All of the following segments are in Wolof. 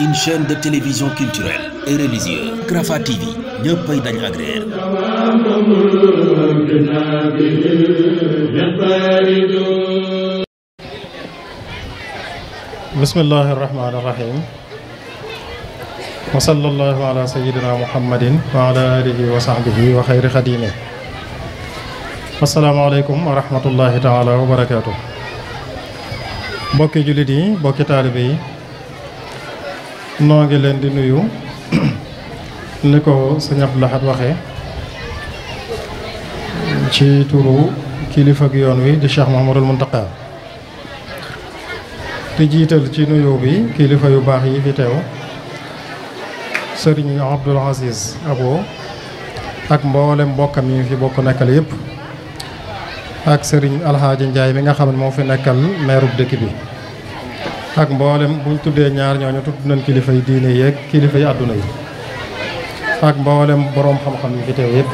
une chaîne de télévision culturelle et religieuse Rafah TV ñëppay dañ agréer bismillahi rahmaani rahim wa sallallahu ala sayyidina muhammadin wa ala alihi wa sahbihi wa xayri xadimi asalaamaaleykum wa rahmatullahi taala wa barakaatu mbokki jullit yi mbokki taalibe yi noo ngi leen di nuyu ni ko sëñ Abdou Lahad waxee ci turu kilifa gi yoon wi di Cheikh Mouhamadul Mountakha te jiital ci nuyu bi kilifa yu baax yi fi teew sëriñ Abdoul Aziz Abo ak mboolem mbokkam yi fi bokk nekkal yépp ak sëriñ Alxaaji Njaay mi nga xam ne moo fi nekkal meerub dëkk bi ak mboolem buñ tuddee ñaar ñooñu tudd nañ kilifa yi diine yeeg kilifa yi àdduna yi ak mboolem boroom xam-xam yi fi teew yëpp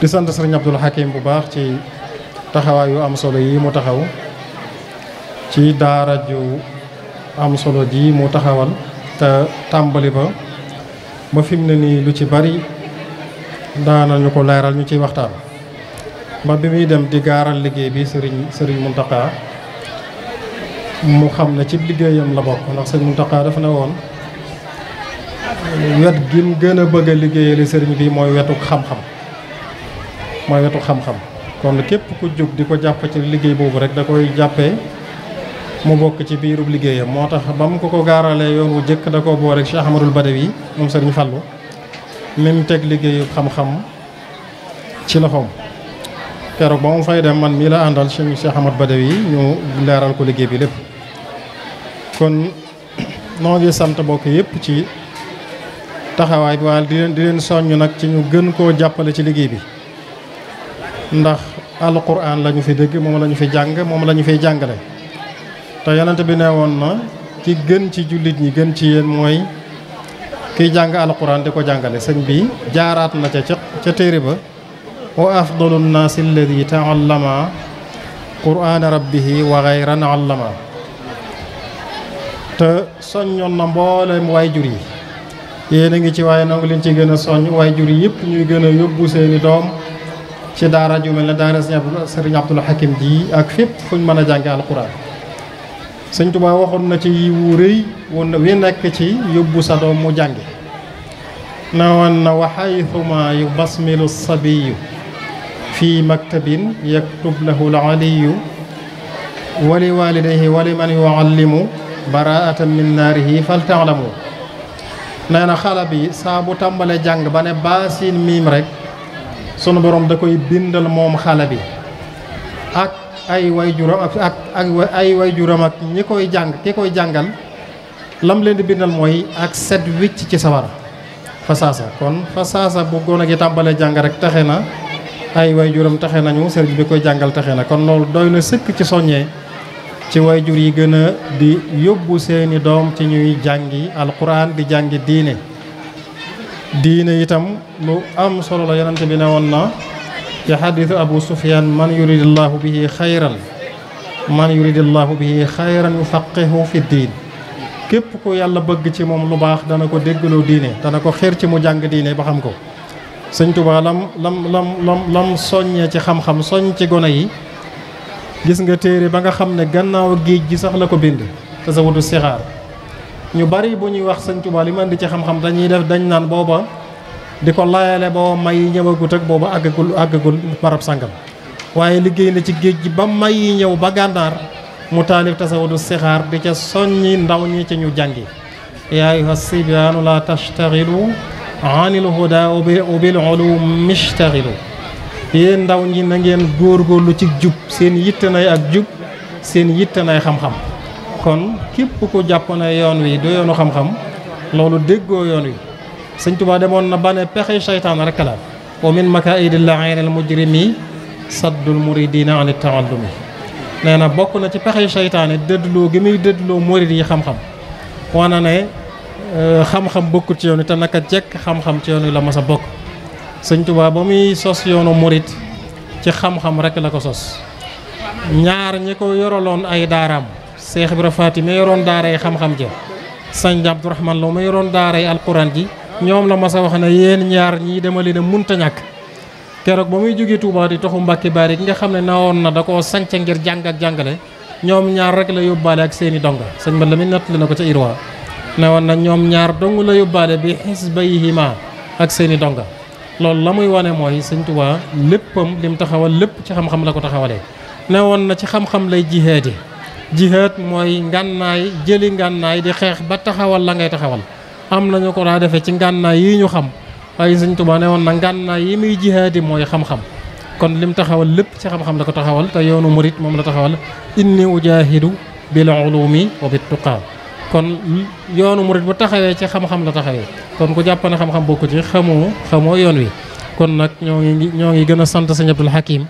di sant sëriñ Abdul Hakim bu baax ci taxawaay yu am solo yi mu taxaw ci daara ju am solo ji mu taxawal te tàmbali ba ba fi mu ne nii lu ci bari nañu ko laaral ñu ciy waxtaan ba bi muy dem di gaaral liggéey bi sëriñ sëriñ Muntaqa mu xam ne ci liggéeyam la bokk ndax sëñ Mountakha dafa ne woon wet gi mu gën a bëgg a liggéeyale sëriñ bi mooy wetu xam-xam mooy wetu xam-xam kon képp ku jóg di ko jàpp ci liggéey boobu rek da koy jàppee mu bokk ci biiru liggéeyam moo tax ba mu ko ko gaaralee yoon wu jëkk da koo boo rek Cheikh Amadou Badawi moom sëriñ Fallou mu teg liggéeyu xam-xam ci loxoom keroog ba mu fay dem man mii la àndal Cheikh Amadou Badawi ñu leeral ko liggéey bi lépp kon noo ngi sant mbokk yëpp ci taxawaay bi waaye di leen di leen soññ nag ci ñu gën koo jàppale ci liggéey bi ndax alquran la ñu fi dégg moom la fi jàng moom lañu ñu fiy jàngale te yonent bi nee woon na ki gën ci jullit ñi gën ci yéen mooy kii jàng alquran di ko jàngale sëñ bi jaaraat na ca ca téere ba wa afdalu nnaasi alladi taallama qurana rabbihi wa gayran allama te soññoon na mbooleem waajur yi yéen a ngi ci waaye nangu leen ci gën a soññ waajur yi yëpp ñuy gën a yóbbu seeni doom ci daara ju mel ne daara sëriñ Abdul Hakim ji ak fépp fuñ mën a jànge alxuraan waxoon na ci yiwu rëy woon wi nekk ci yóbbu sa doom mu jàngi na woon na waxaytuma yu basmilu sabiyu fii maktabin yaktub lahu al aliyu wali walidayhi wali man yuallimu baraatan min naarihi fal taalamu nee na xale bi saabu bu tàmbalee jàng ba ne baasin miim rek sunu borom da koy bindal moom xale bi ak ay way juram ak ak ay way juram ak ñi koy jàng ki koy jàngal lam leen di bindal mooy ak set wicc ci sawara fa saasa kon fa saasa bu gone gi tàmbalee jàng rek taxe na ay way juram taxe nañu sëriñ bi koy jàngal taxe na kon loolu doy na sëkk ci soññee ci wayjur yi gën a di yóbbu seeni doom ci ñuy jàngi alxuraan di jàngi diine diine itam lu am solo la yonente bi ne woon na ci xadiisu abu sufyan man yuridillahu bihi xayran man yuridillahu bihi xayran yufaqihu fi diin képp ku yàlla bëgg ci moom lu baax dana ko déggloo diine dana ko xër ci mu jàng diine ba xam ko sëñ Tuubaa lam lam lam lam soññee ci xam-xam soñ ci gone yi gis nga téere ba nga xam ne gannaaw géej gi sax la ko bind te sa wutu sixaar ñu bari bu ñuy wax sëntu Tuubaa li di ci xam-xam dañuy def dañu naan booba di ko layale booba may yi ñëwagut ak booba àggagul àggagul barab sangam waaye liggéey na ci géej gi ba may yi ñëw ba gànnaar mu taalif tasawudu sixaar di ca soññi ndaw ñi ca ñu jàngi yaa ayyuha sibyaanu la tashtaxilu anil huda wa bil ulum mishtaxilu yéen ndaw ñi na ngeen góorlu ci jub seen yittanay ak jub seen yittanay xam-xam kon képp ku jàpp na yoon wi du yoonu xam-xam loolu déggoo yoon wi sëñ Tuubaa demoon na ba ne pexe seytaan rekk la wa min makaa'idi llaa'ini l-mujrimi saddul muridiina ani taallumi nee na bokk na ci pexe seytaane dëddloo gi muy dëddloo murid yi xam-xam na ne euh, xam-xam bokkul ci yoon wi te naka jekk xam-xam ci yoon wi la mas a bokk sëñ Tuubaa ba muy sos yoonu murit ci xam-xam rek la ko sos ñaar ñi ko yoraloon ay daaraam Seex Ibra Faati mi yoroon daaray xam-xam ja sëñ Abdourahman Lo mi yoroon daaray alquran ji ñoom la ma sa wax na yéen ñaar ñii dama leen a munta ñàkk keroog ba muy jóge Touba di toxu Mbàkke Baari gi nga xam ne nawoon na da koo sanc ngir jàng ak jàngale ñoom ñaar rek la yóbbaale ak seeni donga sëñ ma la mi nettali na ko ca Irwa ne woon na ñoom ñaar dong la yóbbaale bi xisbayhima ak seeni donga loolu la muy wane mooy sëñ Tuubaa léppam lim taxawal lépp ci xam-xam la ko taxawalee ne woon na ci xam-xam lay jihaadi jihaad mooy ngànnaay jëli ngànnaay di xeex ba taxawal la ngay taxawal am nañu ko daa defee ci ngànnaay yi ñu xam waaye sëñ Tuubaa ne woon na ngànnaay yi muy jihaadi mooy xam-xam kon lim taxawal lépp ci xam-xam la ko taxawal te yoonu murit moom la taxawal inni ujaahidu bil ulumi wa bit tuqaa kon yoonu murit bu taxawee ci xam-xam la taxawee kon ku jàpp ne xam-xam bokku ci xamoo xamoo yoon wi kon nag ñoo ngi ñoo ngi gën a sant sëñ Abdul Hakim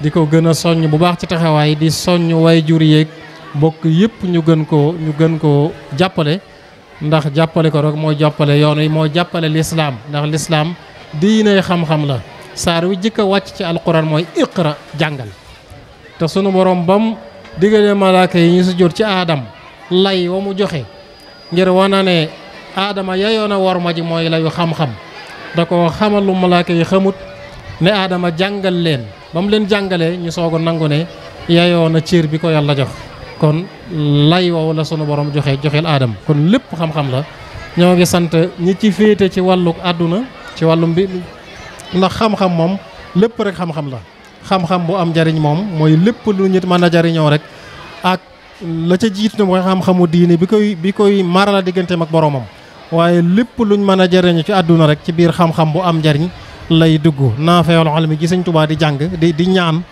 di ko gën a soññ bu baax ci taxawaay di soññ way jur yeeg mbokk yëpp ñu gën koo ñu gën koo jàppale ndax jàppale ko rek moo jàppale yoon wi moo jàppale lislaam ndax lislaam diine xam-xam la saar wi jëkk a wàcc ci alquran mooy iqra jàngal te sunu borom bam digalee malaaka yi ñu si ci aadam lay wa mu joxe ngir wana ne aadama yayoon a war ma ji mooy layu xam-xam da ko xamal lu malaaka yi xamut ne aadama jàngal leen ba mu leen jàngalee ñu soog a nangu ne yayoon a bi ko yàlla jox kon lay woowu la sunu boroom joxe joxeel aadama kon lépp xam-xam la ñoo ngi sant ñi ci féete ci wàlluk àdduna ci wàllum bi ndax xam-xam moom lépp rek xam-xam la xam-xam bu am jariñ moom mooy lépp lu nit mën a jariñoo rek la ca jiit na mooy xam-xamu diine bi koy bi koy maarala digganteem ak boromam waaye lépp luñ mën a jëriñu ci àdduna rek ci biir xam-xam bu am njariñ lay dugg naafeewal almi gi sëñ Tuubaa di jàng di di ñaan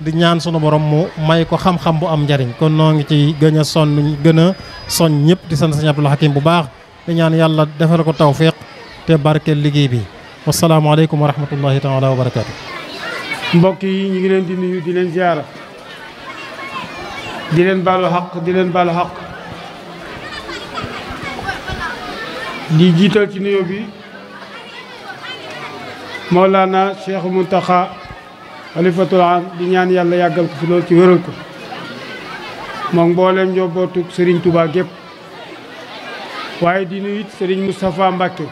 di ñaan sunu boroom mu may ko xam-xam bu am njariñ kon noo ngi ci gën a sonn gën a soñ ñëpp di sant sëñ Abdul bu baax di ñaan yàlla defal ko taw tawfiq te barkeel liggéey bi wasalaamaaleykum wa rahmatullahi taala wa barakaatu. mbokk yi ñu ngi di leen baalu xaq di leen baalu xaq di jiital ci nuyoo bi Mawlana Cheikh Mountakha xalifatul am di ñaan yàlla yàggal ko fi loolu ci wéral ko moom mbooleem njobootu Serigne Touba gépp waaye di nuyu it Serigne Moustapha Mbacke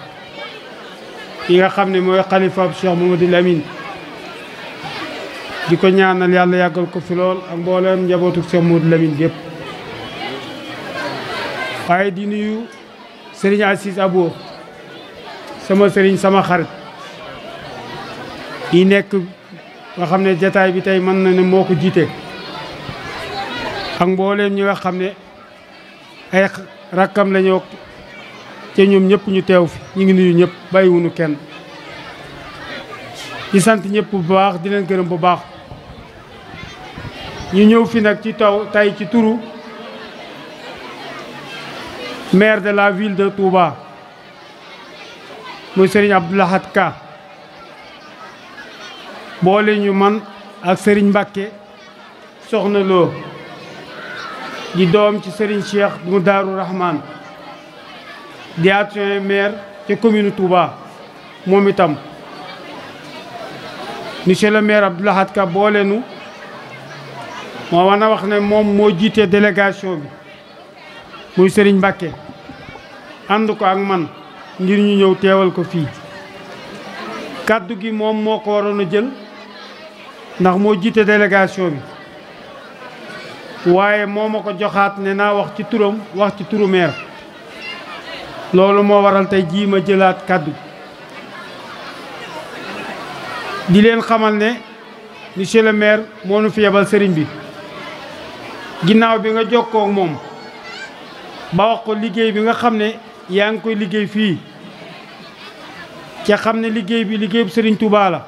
nga xam ne mooy xalifaab Cheikh Mamadou Lamine di ko ñaanal yàlla yàggal ko fi lool ak mbooleem njabootu Cheikh Modou Lamine gépp waaye di nuyu sëriñ Assis Abo sama sëriñ sama xarit yi nekk nga xam ne jataay bi tey mën na ne moo ko jiite ak mbooleem ñi nga xam ne ay rakkam la ñoo te ñoom ñëpp ñu teew fi ñu ngi nuyu ñëpp bàyyiwuñu kenn di sant ñëpp bu baax di leen gërëm bu baax ñu ñëw fi nag ci taw tay ci turu maire de la ville de Touba muy Serigne Abdou Lahad Ka boole man ak Serigne Mbacke soxna loo di doom ci Serigne Cheikh mu Daaru Rahman di adjoint maire ci commune Touba moom itam monsieur le maire Abdou Lahad Ka boole moo war na wax ne moom moo jiite délégation bi muy sëriñ Mbacke ànd ko ak man ngir ñu ñëw teewal ko fii kàddu gi moom moo ko waroon a jël ndax moo jiite délégation bi waaye moo ma ko joxaat ne naa wax ci turam wax ci turu loolu moo waral tey jii ma jëlaat kàddu di leen xamal ne monsieur le maire moo nu fi yebal sëriñ bi ginnaaw bi nga jokkoo ak moom ba wax ko liggéey bi nga xam ne yaa ngi koy liggéey fii ca xam ne liggéey bi liggéeyu Serigne Touba la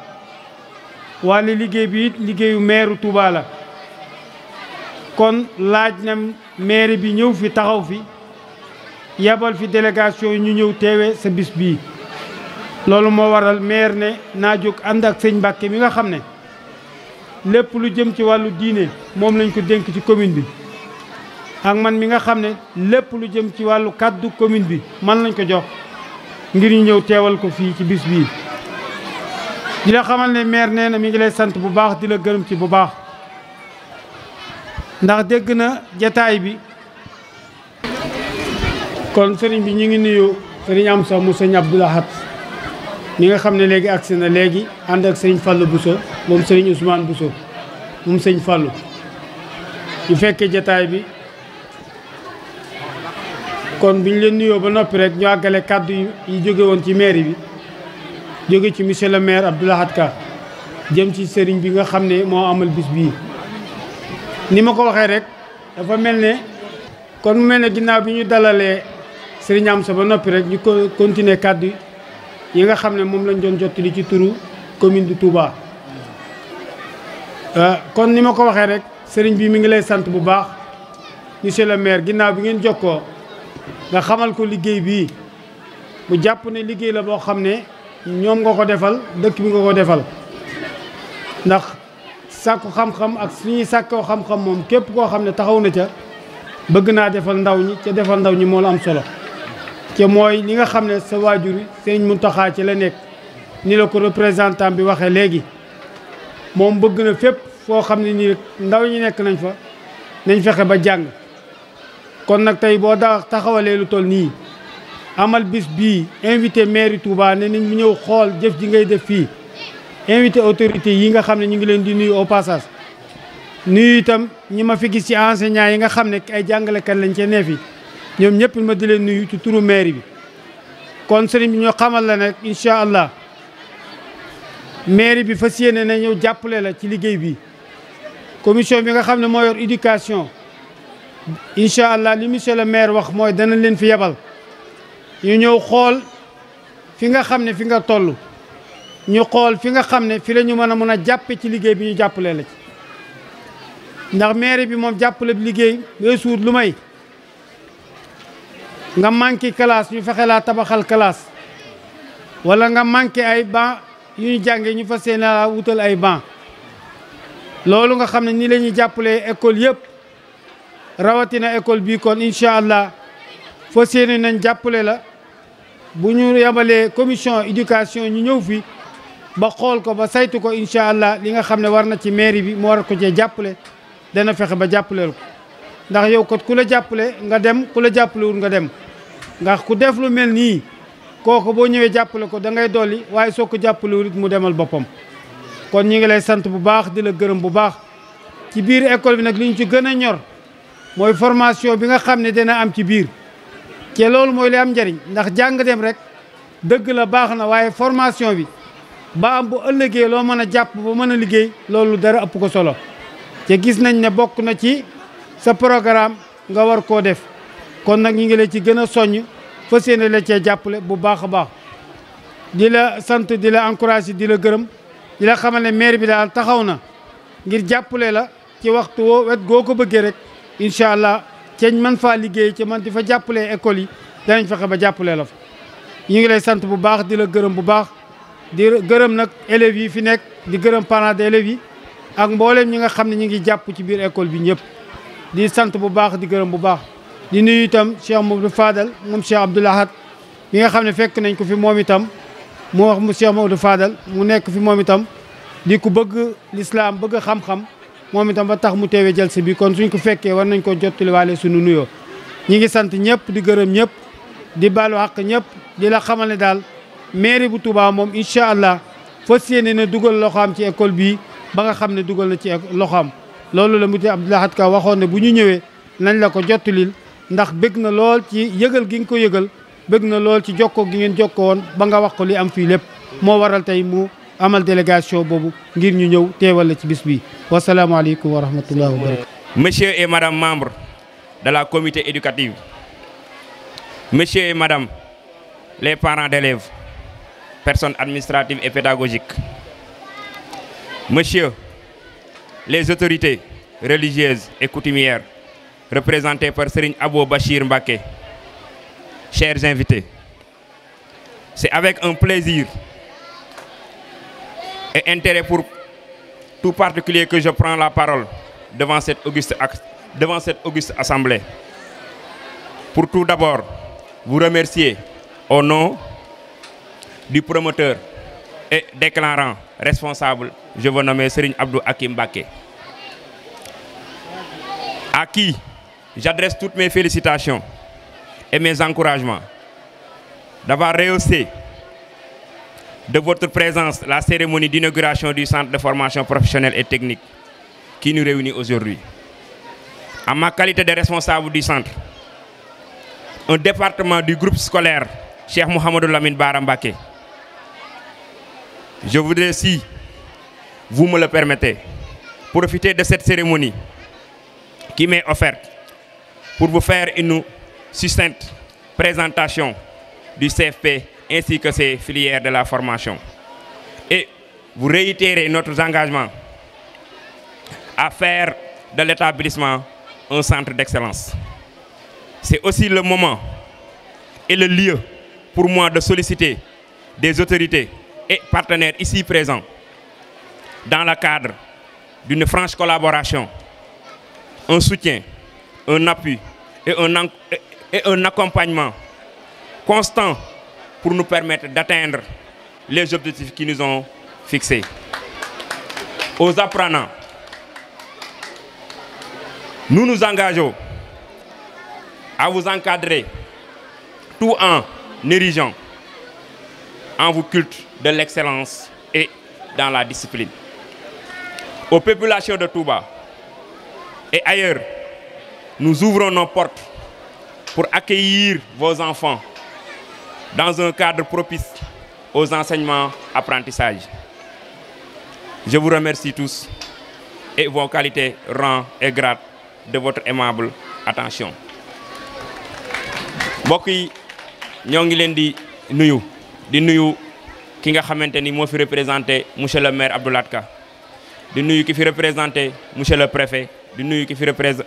walla liggéey bi liggéeyu meeru Touba kon laaj na maire bi ñëw fi taxaw fi yabal fi délégation ñu ñëw teewe sa bis bii loolu moo waral maire ne naa jóg ànd ak sëñ Mbàkke bi nga xam ne lépp lu jëm ci wàllu diine moom lañ ko dénk ci commune bi ak man mi nga xam ne lépp lu jëm ci wàllu kàddu commune bi man lañ ko jox ngir ñu ñëw teewal ko fii ci bis bii di la xamal ne maire nee na mi ngi lay sant bu baax di la gërëm ci bu baax ndax dégg na jataay bi kon sëriñ bi ñu ngi nuyu sëriñ am sa mu sëñ Abdou Lahad mi nga xam ne léegi agsi na léegi ànd ak sëñ Fallou Bousso moom sëñ Ousmane Bousso moom sëñ fallu ñu fekkee jataay bi kon bi ñu leen nuyoo ba noppi rek ñu àggale kàddu yi jóge woon ci mairie bi jóge ci monsieur le maire Abdou Lahad jëm ci sëriñ bi nga xam ne moo amal bis bii ni ma ko waxee rek dafa mel ne kon mu mel ne ginnaaw bi ñu dalalee sëriñ am sa ba noppi rek ñu ko continuer kàddu yi nga xam ne moom lañ doon jottali ci turu commune de Touba. Euh, kon ni ma ko waxee rek sëriñ bi mi ngi lay sant bu baax monsieur le maire ginnaaw bi ngeen jokkoo nga xamal ko liggéey bii mu jàpp ne liggéey la boo xam ne ñoom nga ko defal dëkk bi nga ko defal ndax sàkku xam-xam ak suñuy sàkkoo xam-xam moom képp koo xam ne taxaw na ca bëgg naa defal ndaw ñi ca defal ndaw ñi moo la am solo. ca mooy li nga xam ne sa waajur mu Muntaxa ci la nekk ni la ko représentant bi waxee léegi moom bëgg na fépp foo xam ne nii ndaw ñi nekk nañ fa nañ fexe ba jàng kon nag tey boo daa taxawalee lu toll nii amal bis bii invité mairie Touba ne nañ mu ñëw xool jëf ji ngay def fii invité autorité yi nga xam ne ñu ngi leen di nuyu au passage nuyu itam ñi ma fi gis ci enseignants yi nga xam ne ay jàngalekat lañ ca neef yi ñoom ñëpp ma di leen nuyu ci turu mairie bi kon sëriñ bi ñu xamal la nag incha allah mairie bi fas yéene na ñëw jàppale la ci liggéey bi commission bi nga xam ne moo yor éducation incha allah li monsieur le maire wax mooy danañ leen fi yebal ñu ñëw xool fi nga xam ne fi nga toll ñu xool fi nga xam ne fi la ñu mën a mën a jàppe ci liggéey bi ñu jàppale la ci ndax mairie bi moom jàppale bi liggéey weesuut lu may nga manqué classe ñu fexe laa tabaxal kalaas wala nga manqué ay banc yu ñu jàngee ñu fa yéene laa wutal ay banc loolu nga xam ne ni lañuy ñuy jàppalee école yëpp rawatina école bii kon incha allah fas yéene nañ jàppale la bu ñu yabalee commission éducation ñu ñëw fi ba xool ko ba saytu ko incha allah li nga xam ne war na ci mairie bi mu war ko cee jàppale dana fexe ba jàppaleel ko ndax yow kot ku la jàppale nga dem ku la jàppalewul nga dem ndax ku deflu lu mel nii kooku boo ñëwee jàppale ko da ngay dolli waaye soo ko jàppalewul it mu demal boppam kon ñu ngi lay sant bu baax di la gërëm bu baax ci biir école bi nag li ñu ci gën a ñor mooy formation bi nga xam ne dina am ci biir ce loolu mooy li am njariñ ndax jàng dem rek dëgg la baax na waaye formation bi ba am bu ëllëgee loo mën a jàpp ba mën a liggéey loolu dara ëpp ko solo te gis nañ ne bokk na ci sa programme nga war koo def kon nag ñu ngi la ci gën a soññ fas yéene la cee jàppale bu baax a baax di la sant di la encouragé di la gërëm di la xamal ne maire bi daal taxaw na ngir jàppale la ci waxtu woo wet goo ko bëggee rek incha allah ceeñ man faa liggéey ci man di fa jàppale école yi danañ fexe ba jàppale la fa ñu ngi lay sant bu baax di la gërëm bu baax di gërëm nag élèves yi fi nekk di gërëm parents d'élèves yi ak mbooleem ñi nga xam ne ñu ngi jàpp ci biir école bi ñëpp di sant bu baax di gërëm bu baax di nuyu itam Cheikh Mamadou faadal moom Cheikh Abdoul Ahad mi nga xam ne fekk nañ ko fi moom itam mu wax mu Cheikh Mamadou Fadal mu nekk fi moom itam di ku bëgg lislaam bëgg xam-xam moom itam ba tax mu teewee jël si bi kon suñ ko fekkee war nañ ko jottaliwaale suñu nuyoo ñi ngi sant ñëpp di gërëm ñëpp di baalu àq ñëpp di la xamal ne daal mairie bu Touba moom incha allah fas yéene na dugal loxoom ci école bii ba nga xam ne dugal na ci loxoom loolu la mu te Abdoul Ka waxoon ne bu ñu ñëwee nañ la ko jottalil ndax bëgg na lool ci yëgal gi nga ko yëgal bëgg na lool ci jokkoo gi ngeen jokkoo ba nga wax ko li am fii lépp moo waral tey mu amal délégation boobu ngir ñu ñëw teewal la ci bis bi wasalaamaaleykum wa rahmatullahi wa barakatu monsieur et madame membre de la comité éducative monsieur et madame les parents d'élèves personnes administratives et pédagogiques monsieur les autorités religieuses et coutumières représenté par Serigne Abo Bachir Mbake. Chers invités, c'est avec un plaisir et intérêt pour tout particulier que je prends la parole devant cette auguste, devant cette auguste assemblée. Pour tout d'abord, vous remercier au nom du promoteur et déclarant responsable, je vous nommer Serigne Abdou Hakim Mbake. À qui J'adresse toutes mes félicitations et mes encouragements d'avoir rehaussé de votre présence la cérémonie d'inauguration du centre de formation professionnelle et technique qui nous réunit aujourd'hui. En ma qualité de responsable du centre, un département du groupe scolaire Cheikh Mohamedou Lamine Barambake, je voudrais, si vous me le permettez, profiter de cette cérémonie qui m'est offerte pour vous faire une succincte présentation du CFP ainsi que ses filières de la formation. Et vous réitérez notre engagement à faire de l'établissement un centre d'excellence. C'est aussi le moment et le lieu pour moi de solliciter des autorités et partenaires ici présents dans le cadre d'une franche collaboration, un soutien un appui et un, et un accompagnement constant pour nous permettre d'atteindre les objectifs qui nous ont fixés. Aux apprenants, nous nous engageons à vous encadrer tout en érigeant en vous culte de l'excellence et dans la discipline. Aux populations de Touba et ailleurs, nous ouvrons nos portes pour accueillir vos enfants dans un cadre propice aux enseignements apprentissages. Je vous remercie tous et vos qualités rang et grade de votre aimable attention. mbokk yi ñoo ngi leen di nuyu di nuyu ki nga xamante ni moo fi représenté monsieur le maire Abdou Lahad di nuyu ki fi représenté monsieur le préfet di nuyu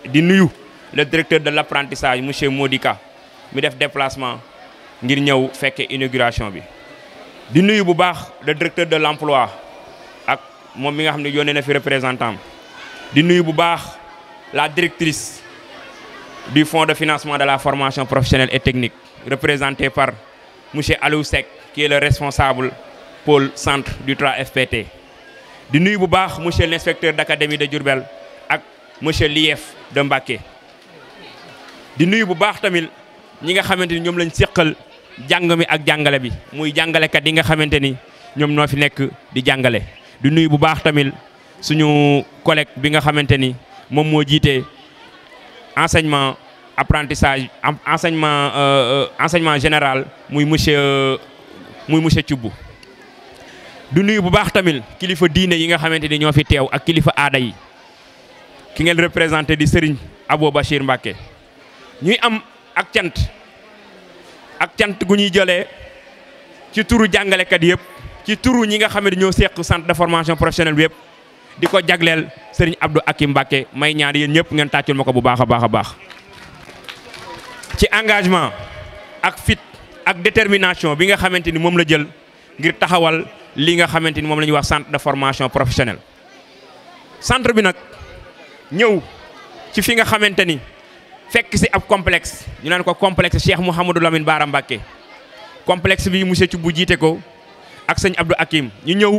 di nuyu le directeur de l' apprentissage monsieur Modika mi def déplacement ngir ñëw fekkee inauguration bi di nuyu bu baax le directeur de l' emploi ak moom mi nga xam ne yónnee na fi représentant di nuyu bu baax la directrice du fonds de financement de la formation professionnelle et technique représentée par monsieur Aliou Seck qui est responsable pôle centre du trois fpt di nuyu bu baax monsieur l' inspecteur d' académie de Diourbel ak monsieur Lief de Mbacké di nuyu bu baax tamit ñi nga xamante ni ñoom lañ séqal jàng mi ak jàngale bi muy jàngalekat yi nga xamante ni ñoom ñoo fi nekk di jàngale di nuyu bu baax tamit suñu collègue bi nga xamante ni moom moo jiite enseignement apprentissage enseignement euh, enseignement général muy monsieur muy monsieur Thioub du nuyu bu baax tamit kilifa diine yi nga xamante ni ñoo fi teew ak kilifa aada yi ki ngeen représenté di Serigne Abo Bachir Mbacke ñuy am ak cant ak cant gu ñuy jëlee ci turu jàngalekat yëpp ci turu ñi nga xam ne dañoo seq centre de formation professionnelle bi yëpp di ko jagleel sëriñ Abdou Akim Mbacké may ñaan yéen ñëpp ngeen tàccul ma ko bu baax a baax a baax ci engagement ak fit ak détermination bi nga xamante ni moom la jël ngir taxawal li nga xamante ni moom la ñuy wax centre de formation professionnelle centre bi nag ñëw ci fi nga xamante ni fekk si ab complexe ñu naan ko complexe Cheikh Mouhamadou Lamine Bara Mbacké complexe bi monsieur bu jiite ko ak sëñ Abdou Hakim ñu ñëw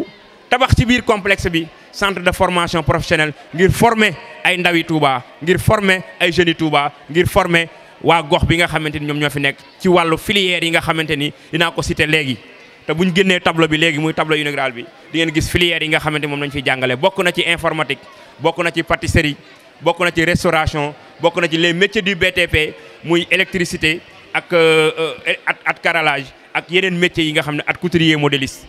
tabax ci biir complexe bi centre de formation professionnelle ngir forme ay ndawi Touba ngir forme ay jeunes yi Touba ngir former waa gox bi nga xamante ni ñoom ñoo fi nekk ci wàllu filière yi nga xamante ni dinaa ko te léegi. te bu ñu génnee tableau bi léegi muy tableau intégral bi di ngeen gis filière yi nga xamante moom lañ fiy jàngale bokk na ci informatique bokk na ci pâtisserie. bokk na ci restauration bokk na ci les métiers du BTP muy électricité ak euh, euh, at at carrelage ak yeneen métiers yi nga xam ne at couturier modéliste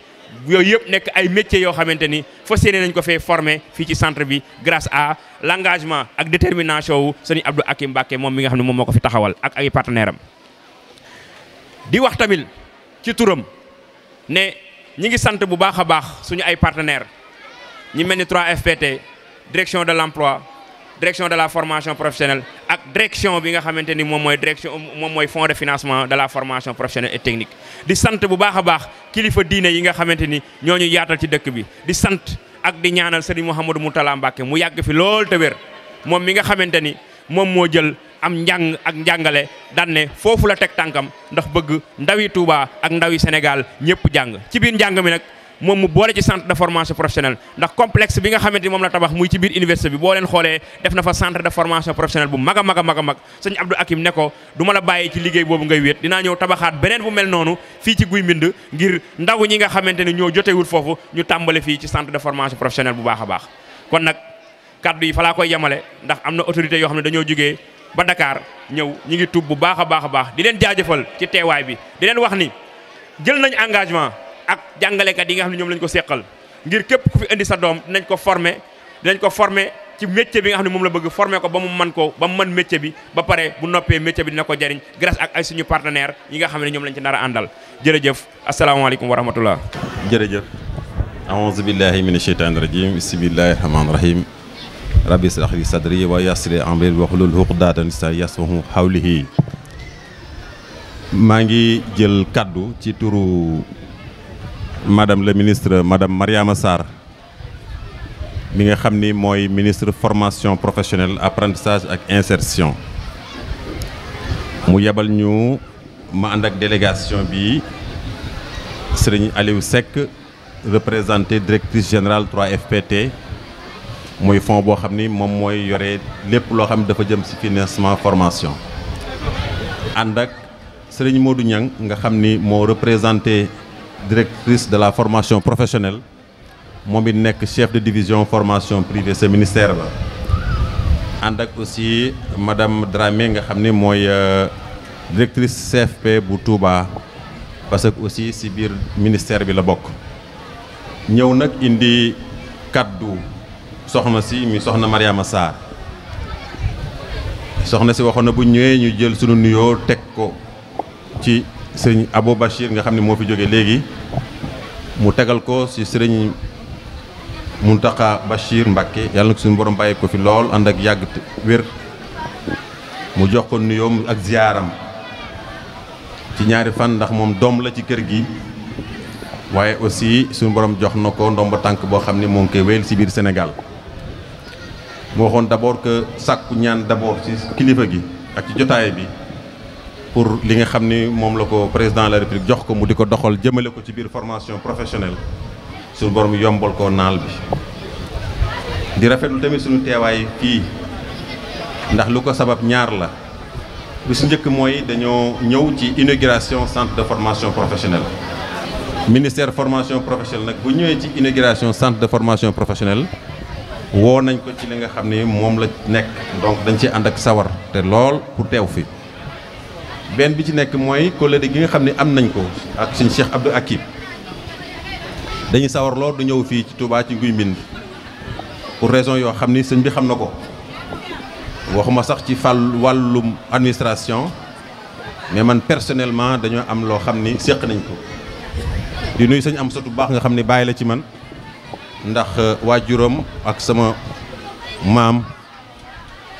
yooyu yëpp nekk ay métiers yoo xamante ni fas yéene nañ ko fee former fii ci centre bi grâce à l' ak détermination wu sëñ Abdou Akim Mbacké moom mi nga xam ne moom moo ko fi taxawal ak ay partenaire di wax tamit ci turam ne ñi ngi sant bu baax a baax suñu ay partenaires ñi mel ni 3FPT direction de l' emploi direction de la formation professionnelle ak direction bi nga xamante ni moom mooy direction moom mooy fonds de financement de la formation professionnelle et technique. di sant bu baax a baax kilifa diine yi nga xamante ni ñoo ñu yaatal ci dëkk bi di sant ak di ñaanal sëriñ Mouhamadou Moutala Mbacke mu yàgg fi lool te wér moom mi nga xamante ni moom moo jël. am njàng ak njàngale daan foofu la teg tànkam ndax bëgg ndawi Touba ak ndawi Sénégal ñëpp jàng ci biir njàng mi nag moom mu boole ci centre de formation professionnelle ndax complexe bi nga xamante ni moom la tabax muy ci biir université bi boo leen xoolee def na fa centre de formation professionnelle bu mag a mag a mag a mag sëñ ma la bàyyi ci liggéey boobu ngay wéet dinaa ñëw tabaxaat beneen bu mel noonu fii ci guy mbind ngir ndaw ñi nga xamante ni ñoo jotewul foofu ñu tàmbale fii ci centre de formation professionnelle bu baax a baax kon nag kaddu yi fa laa koy yemale ndax am na autorité yoo xam ne dañoo jugee ba Dakar ñëw ngi tub bu baax a baax a baax di leen jaajëfal ci teewaay bi di leen wax ni jël nañ engagement ak jàngalekat yi nga xam ne ñoom lañ ko seqal ngir képp ku fi indi sa doom dinañ ko former dinañ ko former ci métier bi nga xam ne moom la bëgg former ko ba mu man ko ba mu man métier bi ba pare bu noppee métier bi dina ko jariñ grâce ak ay suñu partenaire yi nga xam ne ñoom lañ ci nar a àndal jërëjëf asalaamaaleykum wa rahmatullah jërëjëf aouzu billahi min asheytaani rajim bismillahi rahmaani rahim rabbi israh li sadri wa yassir amri wahlul uqdatan lisan yafqahu qawli maa ngi jël kaddu ci turu madame la ministre madame Mariama Sarr mi nga xam ni mooy ministre formation professionnelle apprentissage ak insertion mu yebal ñu ma ànd ak délégation bi sëriñ Aliou Seck représenté directrice générale 3FPT muy fonds boo xam ni moom mooy yore lépp loo xam dafa jëm ci financement formation ànd ak sëriñ Modou Niang nga xam ni moo représenté directrice de la formation professionnelle moom it nekk chef de division formation privée ce ministère la ànd ak aussi madame Dramé nga xam ni mooy euh, directrice CFP bu Touba parce que aussi ci biir ministère bi la bokk ñëw nag indi kaddu soxna si mi soxna Mariama Sarr soxna si waxoon na bu ñëwee ñu jël sunu nuyoo teg ko ci sëriñ Abou Bachir nga xam ne moo fi jóge léegi mu tegal ko ci sëriñ Mountakha Bachir Mbacké yàlla na ko suñu borom bàyyi ko fi lool ànd ak yàgg wér mu jox ko nuyoom ak ziyaaram ci ñaari fan ndax moom doom la ci kër gi waaye aussi suñu borom jox na ko ba tànk boo xam ne moo ngi koy wéyal ci biir Sénégal mu waxoon d'abord que sàkku ñaan d'abord ci kilifa gi ak ci jotaay bi pour li nga xam ni moom la ko président de la république jox ko mu di ko doxal jëmale ko ci biir formation professionnelle suñu borom yombal ko naal bi di rafetlu tamit suñu teewaay fii ndax lu ko sabab ñaar la lu si njëkk mooy dañoo ñëw ci inauguration centre de formation professionnelle ministère formation professionnelle nag bu ñëwee ci inauguration centre de formation professionnelle woo nañ ko ci li nga xam ni moom la nekk donc dañ ci ànd ak sawar te lool teew fi benn bi ci nekk mooy kóllëre gi nga xam ne am nañ ko ak suñ Cheikh Abdou Akib dañuy sawar lool du ñëw fii ci Touba ci Guy Mbind pour raison yoo xam ni sëñ bi xam na ko waxuma sax ci fàll wàllum administration mais man personnellement dañoo am loo xam ni séq nañ ko di nuyu sëñ am sotu baax nga xam ni bàyyi la ci man ndax euh, waa juróom ak sama maam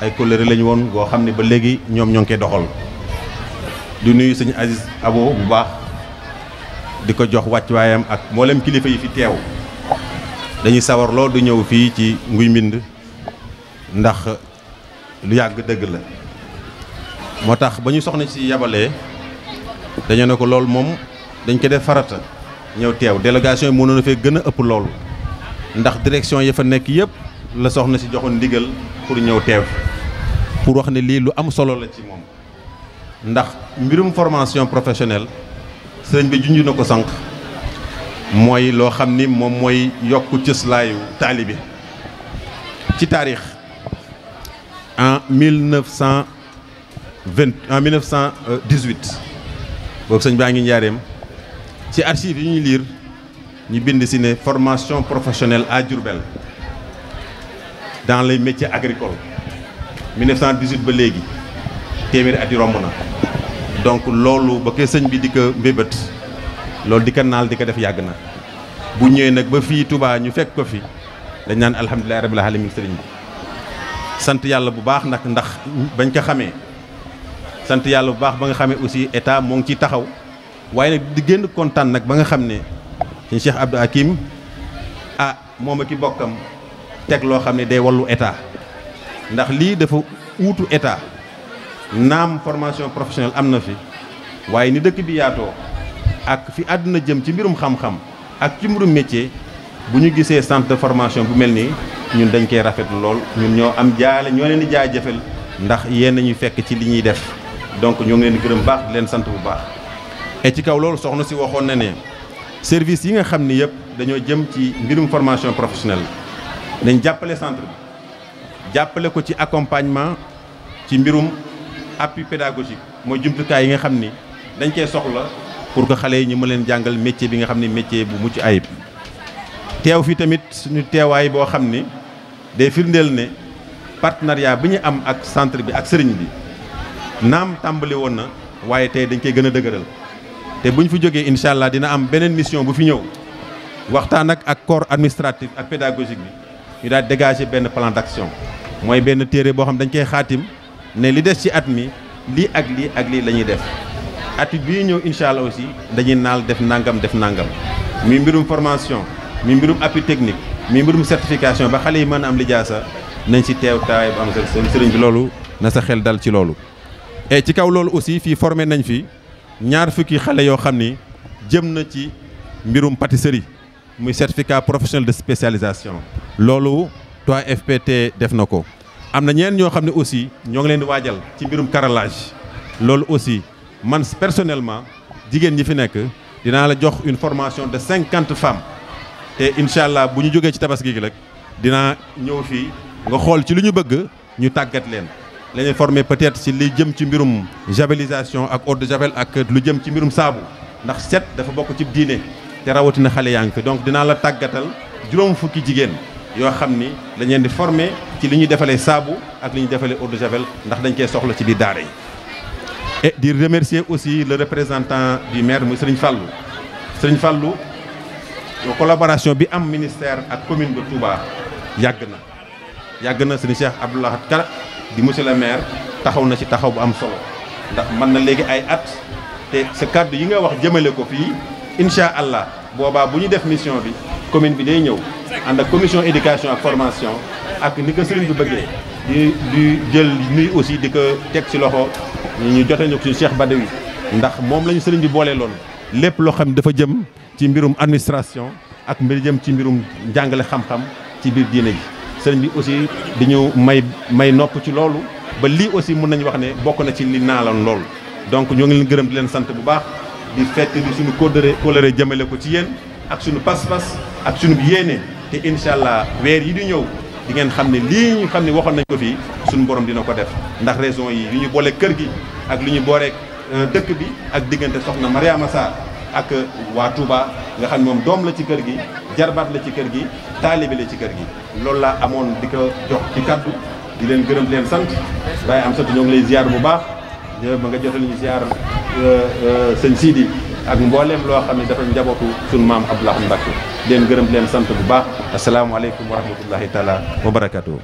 ay kóllëre lañu woon goo xam ne ba léegi ñoom ñoo ngi koy doxal du nuyu sëñ Aziz Abo bu baax di ko jox wàccwaayam ak mboolem kilifa yi fi teew dañuy sawar lool du ñëw fii ci nguy mbind ndax lu yàgg dëgg la moo tax ba ñu soxna si yabalee dañoo ne ko loolu moom dañ ko def farata ñëw teew délégation yi mënoon a gën a ëpp loolu ndax direction yi fa nekk yëpp la soxna si joxoon ndigal pour ñëw teew pour wax ne lii lu am solo la ci moom ndax mbirum formation professionel sëñ bi junj na ko sànq mooy loo xam ni moom mooy yokk cëslaayu taalibe ci taarix en 1920 en 1918 boobu sëñ baa ngi njaareem ci archive yi ñuy liir ñu bind si ne formation professionnelle à Diourbel dans les métiers agricoles 1918 ba léegi téeméeri at yi romb na donc loolu ba ko sëñ bi di ko mbébét loolu di ko naal di ko def yàgg na bu ñëwee nag ba fii Touba ñu fekk ko fi dañ naan alhamdulilah rabbil alamin sëriñ bi sant yàlla bu baax nag ndax bañ ko xamee sant yàlla bu baax ba nga xamee aussi état moo ngi ciy taxaw waaye nag di génn kontaan nag ba nga xam ne sëñ Cheikh Abdou Hakim ah moom a ki bokkam teg loo xam ne day wallu état ndax lii dafa uutu état naam formation professionnelle am na fi waaye ni dëkk bi yaatoo ak fi àdduna jëm ci mbirum xam-xam ak ci mbirum métier bu ñu gisee sant de formation bu mel nii ñun dañ koy rafet lool ñun ñoo am jaale ñoo leen di jaajëfal ndax yéen nañuy fekk ci li ñuy def donc ñoo ngi leen di gërëm baax di leen sant bu baax. et ci kaw loolu soxna si waxoon na ne service yi nga xam ni yëpp dañoo jëm ci mbirum formation professionnelle dañ jàppale sant bi jàppale ko ci accompagnement ci mbirum. appui pédagogique mooy jumtukaay yi nga xam ni dañ cee soxla pour que xale yi ñu ma leen jàngal métier bi nga xam ni métier bu mucc ayib teew fii tamit suñu teewaay boo xam ni day firndeel ne partenariat bi ñu am ak centre bi ak sëriñ bi naam tàmbali woon na waaye tey dañ koy gën a dëgëral te bu ñu fi jógee incha allah dina am beneen mission bu fi ñëw waxtaan ak ak corps administratif ak pédagogique bi ñu daal dégager benn plan d'action mooy benn téere boo xam dañ koy xaatim ne li des ci at mi lii ak lii ak lii la ñuy def at bii ñëw incha allah aussi dañuy naal def nangam def nangam muy mbirum formation mi mbirum appi technique mi mbirum certification ba xale yi mën a am lijaasa nañ ci teew taay bu am seen sëriñ bi loolu na sa xel dal ci loolu. et ci kaw loolu aussi fii forme nañ fi ñaar fukki xale yoo xam ni jëm na ci mbirum pâtisserie muy certificat professionnel de spécialisation loolu 3FPT def na ko. am na ñeen ñoo xam ne aussi ñoo ngi leen di waajal ci mbirum carrelage loolu aussi man personnellement jigéen ñi fi nekk dinaa la jox une formation de cinquante femmes te incha allah bu ñu jógee ci tabaski gi rek dinaa ñëw fii nga xool ci lu ñu bëgg ñu tàggat leen. lañuy ñuy former peut-être si li jëm ci mbirum javelisation ak eau de javel ak lu jëm ci mbirum saabu ndax set dafa bokk ci diine te rawatina xale yaa donc dinaa la tàggatal juróom fukki jigéen. yoo xam ni dañ leen di former ci li ñuy defalee saabu ak li ñuy defalee eau ndax dañ koy soxla ci biir daara yi. et di remercier aussi le représentant du maire muy Serigne Fallou Serigne Fallou collaboration bi am ministère ak commune de Touba yàgg na yàgg na Serigne Cheikh Abdou Lahad Ka di monsieur le maire taxaw na ci taxaw bu am solo ndax mën na léegi ay at te sa kàddu yi nga wax jëmale ko fii incha allah boobaa bu ñu def mission bi. commune bi day ñëw ànd ak commission éducation ak formation ak ni ko sëriñ bi bëggee di jël nuy aussi di ko teg ci loxo ñu jote ñu ci Cheikh Badawi ndax moom la ñu sëriñ bi boolee loon lépp loo xam dafa jëm ci mbirum administration ak mbir jëm ci mbirum njàngale xam-xam ci biir diine ji sëriñ bi aussi di ñu may may nopp ci loolu ba lii aussi mën nañu wax ne bokk na ci li naaloon lool donc ñoo ngi leen gërëm di leen sant bu baax di fett di suñu kóllëre kóllëre jëmale ko ci yéen ak sunu yéene te incha allah weer yi di ñëw di ngeen xam ne lii ñu xam ne waxoon nañ ko fii suñu borom dina ko def ndax raison yi li ñuy boole kër gi ak li ñu boole euh, dëkk bi ak diggante soxna Mariama Sarr ak euh, waa Touba nga xam ne moom doom la ci kër gi jarbaat la ci kër gi taalibe la ci kër gi loolu laa amoon di ko jox ci kaddu di leen gërëm leen sant waaye am sant ñoo ngi lay ziar bu baax ba nga jotal ñu ziar euh, sëñ Sidi ak mbooleem loo xam ne dafa njabootu sunu maam Abdoulaye Mbacke di leen gërëm di leen sant bu baax asalaamualeykum wa rahmatullahi taala wa barakatuh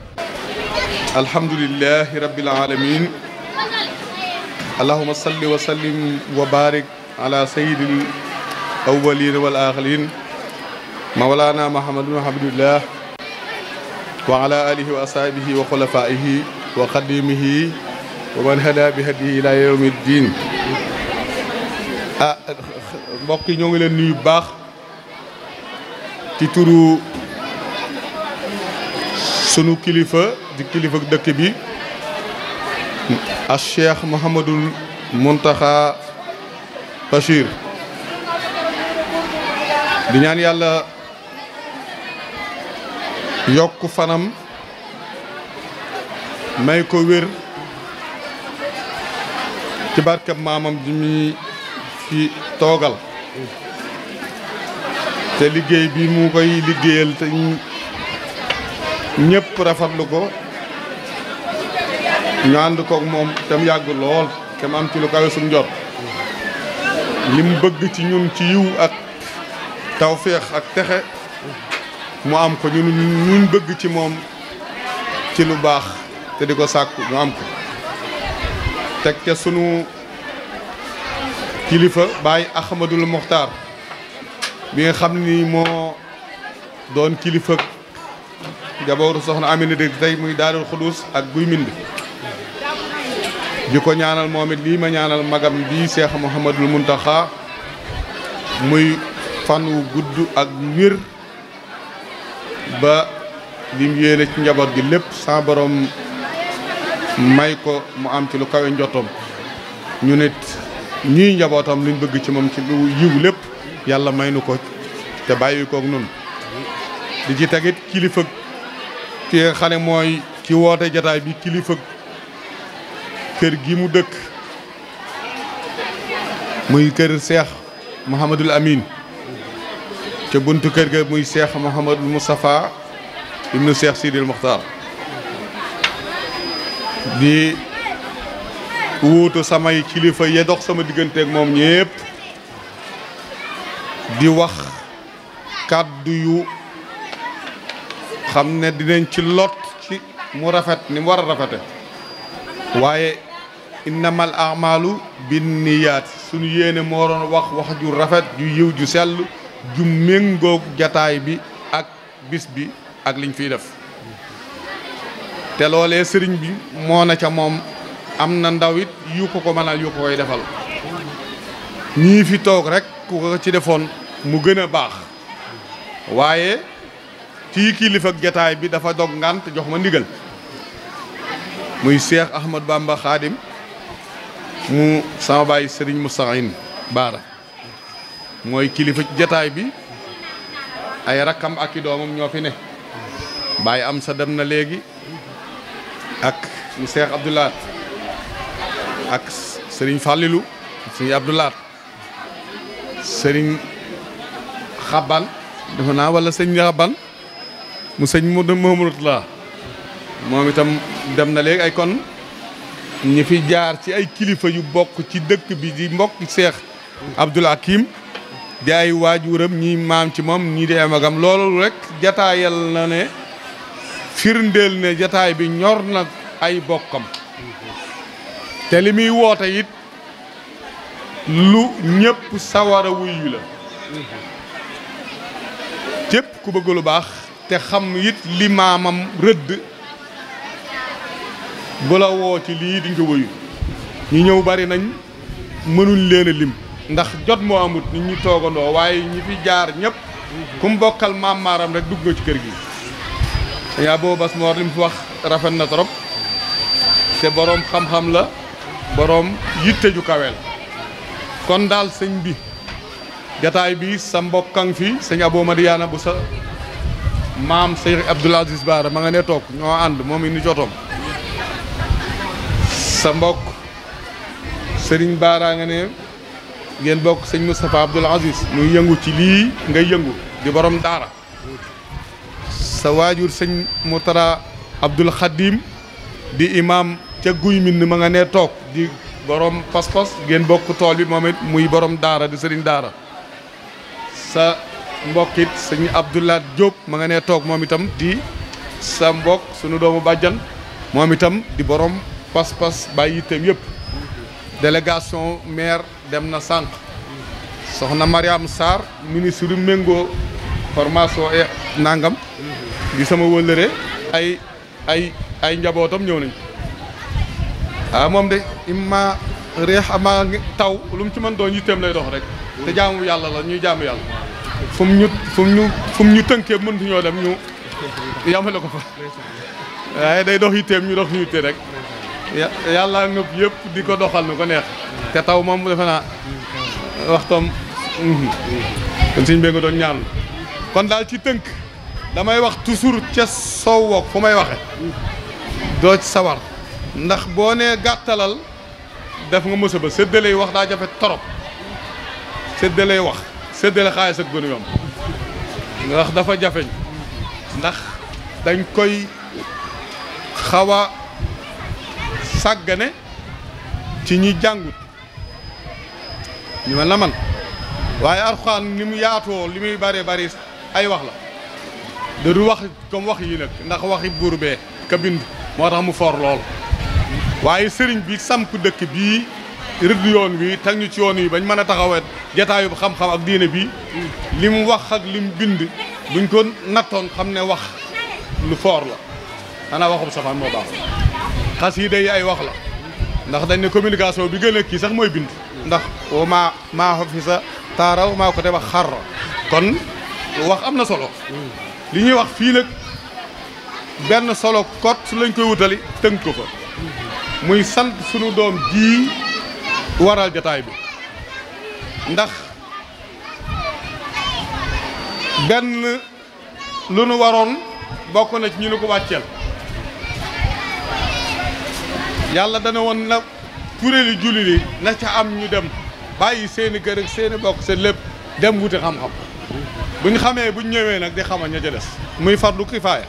alhamdulilahi rabbil alamin allahuma salli wa sallim wa barik ala sayyidil awwalin wal axirin mawlaana mahamadun hamdulillah wa ala alihi wa asaabihi wa xulafaihi wa qadimihi wa man hada bi hadihi ila yawmi ddin ah mbokk yi ñoo ngi leen nuyu bu baax ci turu sunu kilifa di kilifa dëkk bi ak Cheikh Mouhamadul Mountakha Bachir di ñaan yàlla yokk fanam may ko wér ci barkeb maamam ji mi fi toogal te liggéey bi mu koy liggéeyal te ñëpp rafetlu ko ñu ànd koog moom tam yàgg lool te mu am ci lu kawe suñu jot li mu bëgg ci ñun ci yiw ak tawféex ak texe mu am ko ñun ñun bëgg ci moom ci lu baax te di ko sàkku ñu am ko teg ca sunu kilifa Baye Ahmadul Mokhtar bi xam ni moo doon kilifa jabooru soxna Amina dégg tey muy Daarul Xuduus ak Guy Mbind di ko ñaanal moom it lii ma ñaanal magam bi Cheikh Mouhamadul Muntaxa muy fan wu gudd ak wér ba lim yéene ci njaboot gi lépp sa borom may ko mu am ci lu kawe njottom ñu nit ñii njabootam liñ bëgg ci moom ci yiw lépp yàlla may nu ko te bàyyi koog nun di ci tegit kilifa ki nga mooy ci woote jataay bi kilifa kër gi mu dëkk muy kër Cheikh Mouhamadul Amin ca bunt kër ga muy Cheikh Mouhamadul Moustapha ibnu Cheikh Sidil Mokhtar wuutu samay kilifa ya sama diggante ak moom ñépp di wax kàddu yu xam ne dinañ ci lot ci mu rafet ni war a rafete waaye innamal amalu bin niyaat suñu yéene moo doon wax wax ju rafet ju yiw ju sell ju méngook jataay bi ak bis bi ak liñ fiy def te loolee sëriñ bi moo na ca moom am na ndaw it yu ko ko mënal yu ko koy defal ñii fi toog rekk ku ko ci defoon mu gën baax waaye ci kilifa jataay bi dafa dog ngant jox ma ndigal muy Cheikh Ahmad Bamba Khadim mu sama baay Serigne Moussaïn Baara mooy kilifa jataay bi ay rakkam ak i doomam ñoo fi ne Baye am sa dem na léegi ak mu Cheikh Abdoulaye ak sëriñ Fallilou sëriñ Abdoulaat sëriñ Xaban defe naa wala sëñ Xaban mu sëñ Mouhamadou la moom itam dem na léegi ay kon ñi fi jaar ci ay kilifa yu bokk ci dëkk bi di mbokk Seex Abdul Hakim di ay waajuram ñi maam ci moom ñii di ay magam loolu rek jataayal na ne firndeel ne jataay bi ñor na ay bokkam te li muy woote it lu ñëpp sawara wuyu la képp ku bëgg lu baax te xam it li maamam rëdd bu la woo ci lii di nga wuyu ñu ñëw bari nañ mënuñ leen lim ndax jot moo amut nit ñi toogandoo waaye ñi fi jaar ñépp ku bokkal maam maaram rek dugg nga ci kër gi yaa boobu bas moor li mu fi wax rafet na trop te boroom xam-xam la boroom yitte ju kawel kon daal sëñ bi jataay bi sa mbokkang fi sëñ Abo Madiyaana bu sa maam sëñ Abdoul Aziz Baara ma nga ne toog ñoo ànd moom it ni jotoom sa mbokk sëriñ Baara nga ne ngeen bokk sëñ Moustapha Abdoul Aziz muy yëngu ci lii ngay yëngu di borom daara sa waajur sëñ Moutara Abdoul Khadim di imam ca guy min ma nga nee toog di borom pas-pas ngeen bokk tool bi moom it muy borom daara di sëriñ daara sa mbokkit sëñ Abdoulaat Diop ma nga nee toog moom itam di sa mbokk suñu doomu bàjjan moom itam di borom pas-pas bàyyi itam yëpp délégation maire dem na sànq soxna Mariam Sarr ministre du méngoo formation e nangam di sama wëllëre ay ay ay njabootam ñëw nañ ah moom de imma reex ama taw lu mu ci mën doon yitteem lay dox rek te jaamu yàlla la ñuy jaamu yàlla fu mu ñu ñu fu mu ñu tënkee mëntu dem ñu yamale ko fa waaye day dox yitteem ñu dox ñu yitte rek yàlla ngëpp yëpp di ko doxal nu ko neex te taw moom defe naa waxtoom mhm. kon suñ bee nga doon ñaanul kon daal ci tënk damay wax toujours ca soo woog fu may waxe doo ci sawar ndax boo nee gàttalal def nga mësa ba séddale wax daa jafe torop séddale wax séddale xaalis ak gënu yomb ndax dafa jafeñ ndax dañ koy xawa sàggane ci ñi jàngut ñu mel na man waaye Alxuraan ni mu yaatoo li muy bare bari ay wax la da du wax comme wax yi nag ndax waxi buur ka bind moo tax mu foor lool waaye sëriñ bi samp dëkk bii rëdd yoon wi teg ci yoon wi bañ mën a taxawet jataayu xam-xam ak diine bi li mu wax ak li bind buñ ko nattoon xam ne wax lu foor la xanaa waxum safaan moo baax xasida yi ay wax la ndax dañ ne communication bi gën kii sax mooy bind ndax wa maa maa xof fi sa taaraw maa ko te wax xar kon wax am na solo li ñuy wax fii nag benn solo kot su lañ koy wutali tënk ko fa muy sant sunu doom ji waral jataay bi ndax benn lu nu waroon bokk na ci ñu nu ko wàcceel yàlla dana woon na kuréeli julli li na ci am ñu dem bàyyi seeni kër ak seeni bokk seen lépp dem wuti xam-xam bu ñu xamee bu ñëwee nag di xamal ña ca des muy fardu kifaaya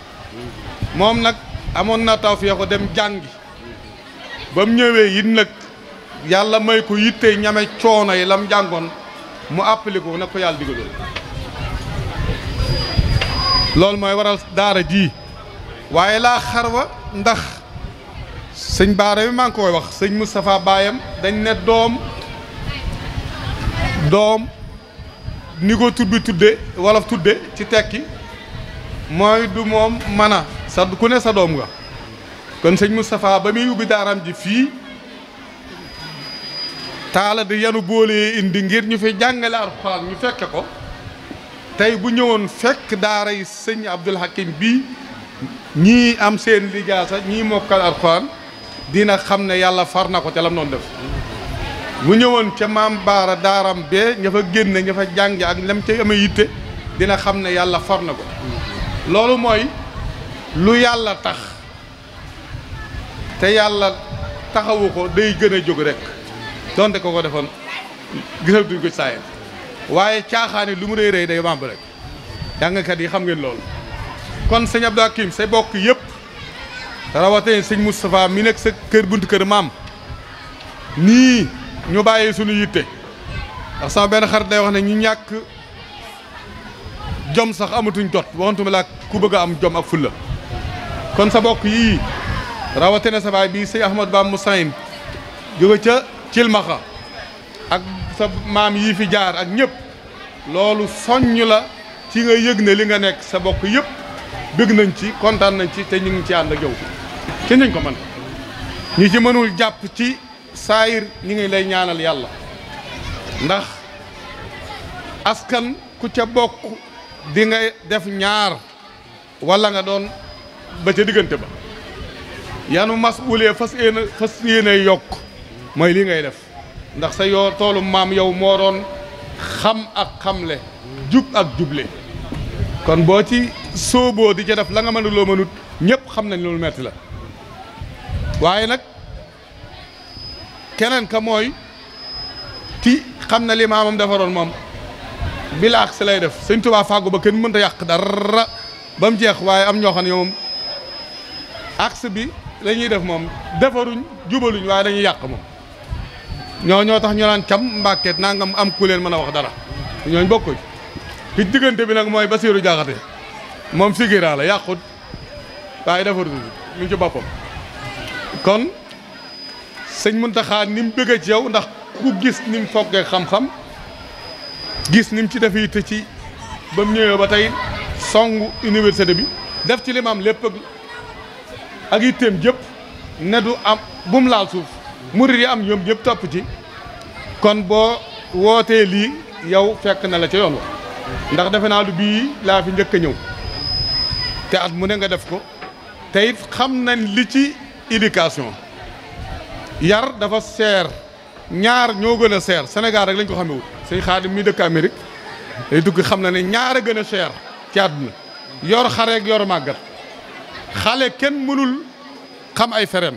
moom nag amoon na tawfeex ko dem jàngi ba mu ñëwee yin nag yàlla may ko yittee ñame coono yi mu jàngoon mu àppali ko nag ko yàlla digaloon loolu mooy waral daara jii waaye laa xarwa ndax sëñ baara bi maa ngi koy wax sëñ Moustapha baayam dañ ne doom doom ni ko tur bi tudde wolof tudde ci tekki mooy du moom mana sa ku ne sa doom nga kon sëñ Moustapha ba muy ubbi daaram ji fii taala di yanu boole indi ngir ñu fi jàngale alxuraan ñu fekke ko tey bu ñëwoon fekk daara yi sëñ Abdul Hakim bii ñii am seen lijaasa ñii mokkal alxuraan dina xam ne yàlla far na ko ca lam noonu def mu ñëwoon ca maam baara daaram bee ña fa génne ña fa jànge ak lem ca amee yitte dina xam ne yàlla far na ko loolu mooy lu yàlla tax te yàlla taxawu ko day gën a jóg rek donte ko ko defoon gisal duñ ko saayir waaye caaxaani lu mu rëy rey day màmb rek jàngkat yi xam ngeen lool kon sëñ Abdou Hakim bokk yëpp rawatina sëñ Moustapha mi nekk sa kër buntu kër maam nii ñu bàyyi suñu yitte ndax sama benn xarit day wax na ñu ñàkk jom sax amatuñ jot waxantuma laa ku bëgg a am jom ak fulla kon sa bokk yii rawatina sa baay bii sëñ Ahmad Bam Moussaïn jóge ca Cilmaxa ak sa maam yii fi jaar ak ñëpp loolu soññ la ci nga yëg ne li nga nekk sa bokk yëpp bëgg nañ ci kontaan nañ ci te ñu ngi ci ànd ak jow ci nañ ko man ñi ci mënul jàpp ci saayir ñi ngi lay ñaanal yàlla ndax askan ku ca bokk di nga def ñaar wala nga doon ba ca diggante ba yanu mas ulee fas yéene fas yéene yokk mooy lii ngay def ndax sa yoo toolu maam yow moo doon xam ak xamle jub ak juble kon boo ci sóoboo di ja def la nga mën loo mënut ñëpp xam nañ loolu metti la waaye nag keneen ka mooy ti xam na li maamam defaroon moom ak si lay def sëñ Tuubaa fàggu ba kenn mënta yàq dara ba mu jeex waaye am ñoo xam ne moom axe bi la def moom defaruñ jubaluñ waaye dañuy yàq moom ñoo ñoo tax ñu cam cam mbàkkeet nangam am ku leen mën a wax dara ñooñ bokkuñ ci diggante bi nag mooy Basiiru Jaxate moom sigira la yàqut waaye defaruñ ñu ci boppam kon sëñ Muntaxa ni mu bëgg ci yow ndax ku gis ni mu foggee xam-xam gis ni ci def it ci ba mu ñëwee ba tey songu université bi def ci limam lépp ak yitteem jépp ne du am bu mu laal suuf murit yi am ñoom yëpp topp ci kon boo wootee lii yow fekk na la ca yoon wa ndax defe naa du bii laa fi njëkk a ñëw te at mu ne nga def ko te xam nañ li ci éducation yar dafa seer ñaar ñoo gën a seer Sénégal rek lañ ko xamewul sëñ Xaadim mi dëkk Amérique day dugg xam na ne ñaar a gën a seer ci àdduna yor xareeg yor màggat xale kenn mënul xam ay fereem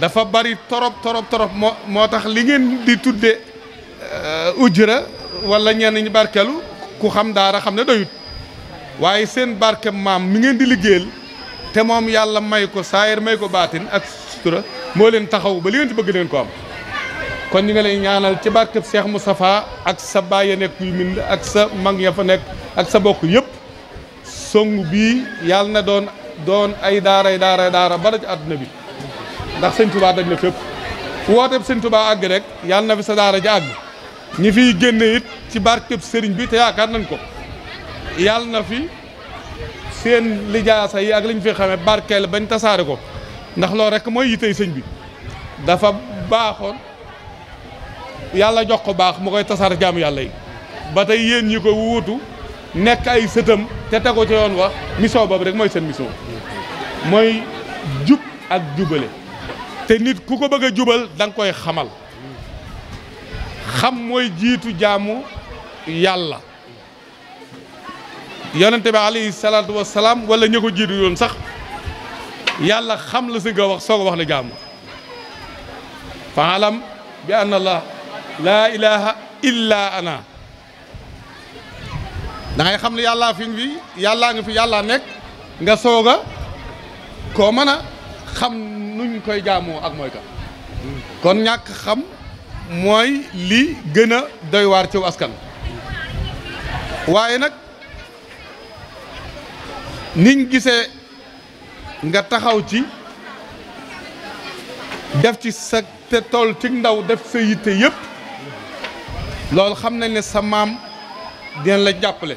dafa bari torop torop torop moo moo tax li ngeen di tudde euh, ujra wala ñenn ñi barkelu ku xam daara xam ne doyut waaye seen barke maam mi ngeen di liggéeyal te moom yàlla may ko saayir may ko baatin ak sutura moo leen taxaw ba li ngeen di bëgg leen ko am kon ñu ngi lay ñaanal ci barkeb Cheikh Moustapha ak sa baay ya nekk yu mind ak sa mag ya fa nekk ak sa bokk yëpp song bii yàlla na doon doon ay daaray daaray daara bara ci àdduna bi ndax sëñ Touba daj na fépp fu wooteeb sëñ Touba àgg rek yàlla na fi sa daara ji àgg ñi fi génne it ci barkeb sëriñ bi te yaakaar nañ ko yàlla na fi seen lijaasa yi ak liñ fi xame barkeel bañ tasaare ko ndax loolu rek mooy yitey sëñ bi dafa baaxoon yàlla jox ko baax moo koy tasaare jaamu yàlla yi ba tey yéen ñi ko wuutu nekk ay sëtam te tegu ci yoon wax mission boobu rek mooy seen mission mooy jub ak jubale te nit ku ko bëgg jubal danga koy xamal xam mooy jiitu jaamu yàlla yonente bi alayhi salaatu wasalaam wala ña ko jiitu yoon sax yàlla xam la si nga wax soog a wax ne jaamu faalam bi anna allah laa ilaha illa ana da xam ne yàllaa fi fi yàllaa nga fi yàllaa nekk nga soog a koo mën a xam nuñ koy jaamoo ak mooy ka kon ñàkk xam mooy li gën a doy waar ciw waaye nag niñ gisee nga taxaw ci def ci sa te tool ci ndaw def sa yitte yëpp loolu xam nañ ne sa maam dina la jàppale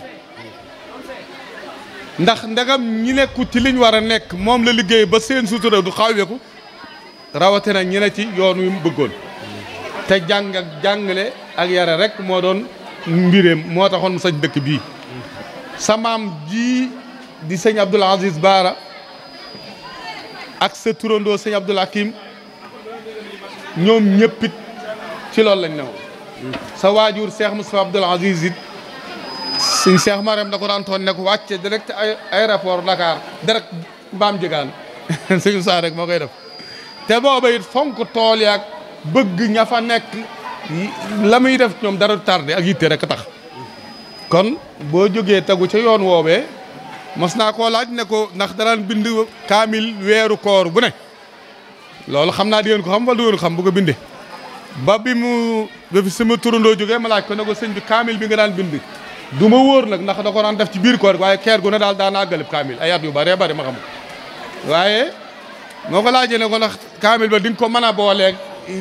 ndax ndegam ñi nekkut ci liñ war a nekk moom la liggéey ba seen sutura du xawweeku rawatina ñi ne ci yoon wi mu bëggoon te jàng ak jàngale ak yare rek moo doon mbireem moo taxoon mu sañ dëkk bii sa maam ji di sëñ Abdoul Aziz Baara ak sa turandoo sëñ Abdoul Hakim ñoom ñëppit ci loolu lañ newoon sa waajur Cheikh Moustapha Abdoul Aziz it suñ Cheikh Maram da ko daan toon ne ko ay direct aéroport Dakar direct mbaam jigaan suñu saa rek moo koy def te booba it fonk tool yaag bëgg ña fa nekk la muy def ñoom dara tardé ak yitte rek tax kon boo jógee tegu ca yoon woowe mos naa koo laaj ne ko ndax daraan bind kaamil weeru koor bu ne loolu xam naa di ngeen ko xam wala du xam bu ko bindee ba bi mu ba fi sama turandoo jógee ma laaj ko ne ko sëñ bi kaamil bi nga daan bind du ma wóor nag ndax da ko daan def ci biir koor waaye keer gu ne daal daan naa kaamil ay at yu bëree bëri ma xam waaye moo ko laajee ne ko ndax kaamil ba di nga ko mën a booleeg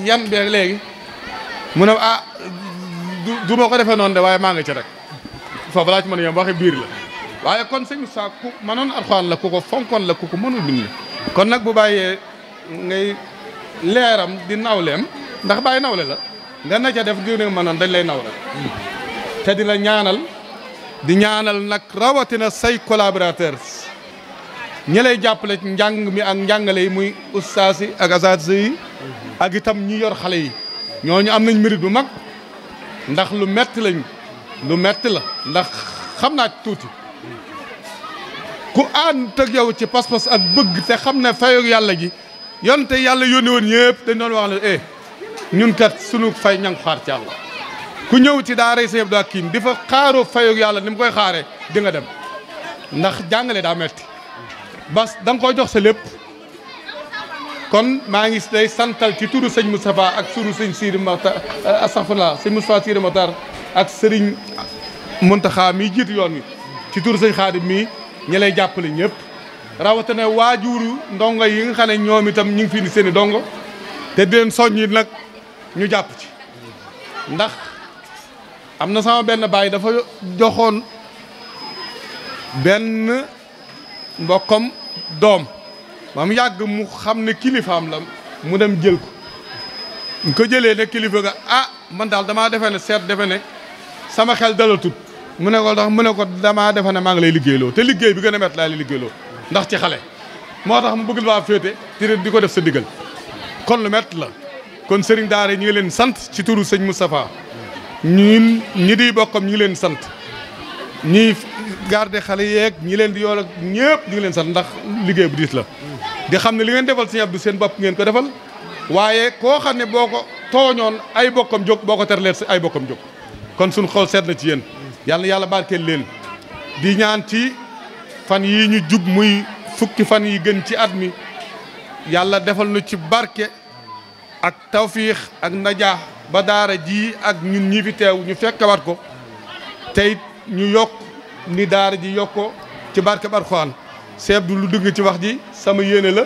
yan beeg léegi mu ne a ah, du ma ko defee noonu de waaye maa nga ci rek foofu laaj ci mën a yem waxi biir la waaye kon sëñ Moussa ku mënoon alxuraan la ku ko fonkoon la ku ko mënul bind kon nag bu bàyyee ngay leeram di nawleem ndax bàyyi nawle la nga na ca def gën a mënoon dañ lay nawle te di la ñaanal di ñaanal nag rawatina say collaborateurs ñi lay jàppale ci njàng mi ak njàngale yi muy ustaas yi ak asaas yi ak itam ñi yor xale yi ñooñu am nañ mérite bu mag ndax lu metti lañu lu metti la ndax xam naa tuuti ku ànd ak yow ci pas-pas ak bëgg te xam ne fayoog yàlla ji yonte yàlla yónni woon yëpp dañ doon wax ne eh ñun kat sunu fay ñang xaar ci ku ñëw ci daaray Sëñ Abdou Hakim di fa xaaroo fayoog yàlla ni mu koy xaaree di dem ndax jàngale daa metti bas da nga koy jox sa lépp kon maa ngi day santal ci turu sëñ Moustapha ak turu sëñ Sidi Mokhtar eh, astaghfirullah sëñ Moustapha Sidi Mokhtar ak sëriñ Mountakha mii jiitu yoon wi ci turu sëñ Xaadim mii ñi lay jàppale ñëpp rawatina waajuru ndongo yi nga xam ne ñoom itam ñu ngi fi ni seen i dongo te di leen soññi nag ñu jàpp ci ndax am na sama benn baay dafa joxoon benn mbokkam doom ba yàgg mu xam ne kilifaam la mu dem jël ko mu ko jëlee ne kilifa ga ah man daal damaa defe ne seet defe ne sama xel dalatut mu ne ko ndax mu ne ko damaa defe ne maa ngi lay liggéeyloo te liggéey bi gën a mett laa lay liggéeyloo ndax ci xale moo tax mu bëgg laa féete te di ko def sa diggal kon lu mett la kon sëriñ daara ñu ngi leen sant ci turu sëñ Moustapha ñun ñi di bokkam ñu ngi leen sant ñi garde xale yeeg ñi leen di yool ak ñëpp ñu ngi leen sant ndax liggéey bu diis la di xam ne li ngeen defal Sëriñ Abdou seen bopp ngeen ko defal waaye koo xam ne boo ko tooñoon ay bokkam jóg boo ko terleet si ay bokkam jóg kon suñ xool seet na ci yéen yàlla yàlla barkeel leen di ñaan ci fan yii ñu jub muy fukki fan yi gën ci at mi yàlla defal nu ci barke ak tawfiix ak najaax ba daara ji ak ñun ñi fi teew ñu fekkawaat ko tey ñu yokk ni daara ji yokk ko ci barkeb Alxuraan seeb du lu dugg ci wax ji sama yéene la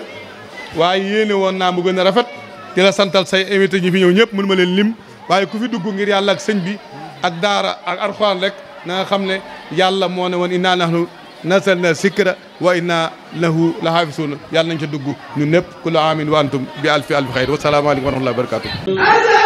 waaye yéene woon naa mu gën a rafet di santal say invité ñi fi ñëw ñëpp mënu ma leen lim waaye ku fi dugg ngir yàlla ak sëñ bi ak daara ak Alxuraan rek na xam ne yàlla moo ne woon innaa nahnu nazzalna zikra wa innaa lahu la haafisuuna yàlla nañ ca dugg ñun ñëpp kullu aamin wa antum bi alfi alfi xayr wa salaamu aleykum wa rahmatullaahi